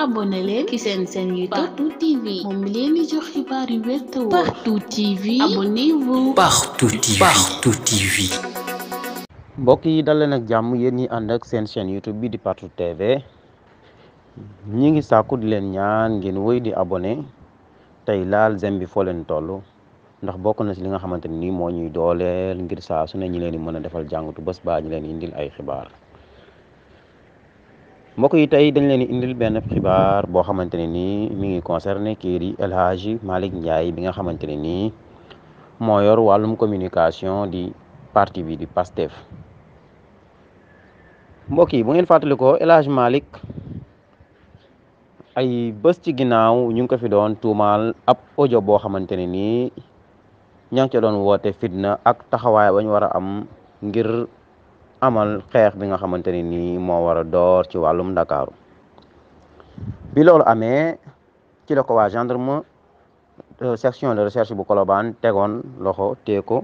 abonné seen seen YouTube Partout yi dal leen ak jàmm yéen ñi ànd ak seen chaîne YouTube bi di Partout TV ñi ngi sàkku di leen ñaan ngeen woy di abonné tey laal zem bi foo leen toll ndax bokk na ci li nga xamante ni moo ñuy dooleel ngir saasu na ñi leen di mën a defal jàngatu bés baa ñi leen ndil ay xibaar mbokk yi tey dañ leen indil benn xibaar boo xamante ne nii mi ngi concerné kii di El Hadj Malick bi nga xamante ne nii moo yor wàllum communication di parti bi di PASTEF mbokk yi bu ngeen fàttalikoo El Hadj ay bés ci ginnaaw ñu ngi ko fi doon tuumaal ab audio boo xamante ne nii ña ngi doon woote fitna ak taxawaay ba ñu war a am ngir. amal xeex bi nga xamante ne nii moo war a door ci wàllum ndakaaru bi loolu amee ci la ko gendre gendarme euh, section de recherche bu Colobane tegoon loxo téye ko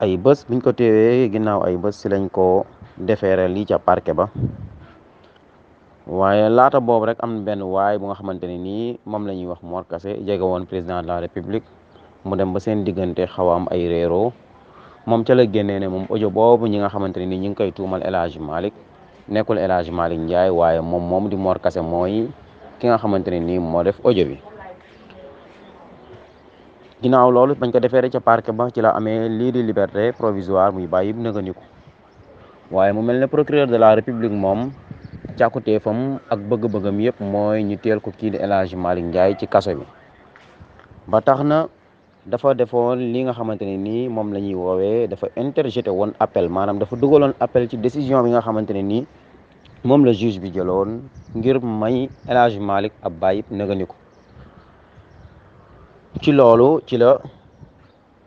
ay bés biñ ko téewee ginaaw ay bés si lañ ko defeere lii ca parquet ba waaye laata boobu rek am na benn waay bu nga xamante ne nii moom la ñuy wax moor kase jege woon président de la république mu dem ba seen diggante xaw a am ay réeroo moom ca la génnee ne moom audio boobu ñi nga xamante ne ni ñi ngi koy tuumal El Hadj Malick nekkul El Hadj Malick Ndiaye waaye moom moom di Mor Kase mooy ki nga xamante ne nii moo def audio bi ginnaaw loolu bañ ko defee rek ca parc ba ci la amee lii di liberté provisoire muy bàyyi bu nëganiku waaye mu mel ne procureur de la république moom càkkutéefam ak bëgg-bëggam yëpp mooy ñu teel ko kii di El Hadj Malick ci kaso bi na dafa defoon li nga xamante ne nii moom la ñuy woowee dafa interjeté woon appel maanaam dafa dugaloon appel ci décision bi nga xamante ne nii moom la juge bi jëloon ngir may El Hadj Malick ab bàyyib ko ci loolu ci la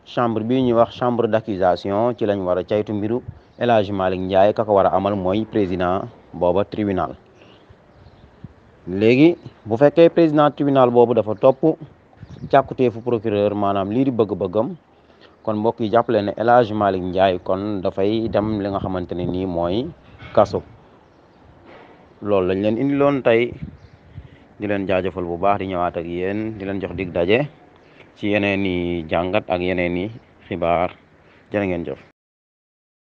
chambre bi ñuy wax chambre d'accusation ci lañ war a caytu mbiru El Hadj Malick ka ko war a amal mooy président booba tribunal léegi bu fekkee président tribunal boobu dafa topp càkkuteefu procureur maanaam lii di bëgg-bëggam kon mbokk yi jàppale ne El Hadj Malick kon dafay dem li nga xamante ne nii mooy kaso loolu lañ leen indi loon tey di leen jaajëfal bu baax di ñëwaat ak yéen di leen jox dig daje ci yeneen i jàngat ak yeneen i xibaar jërë ngeen jëf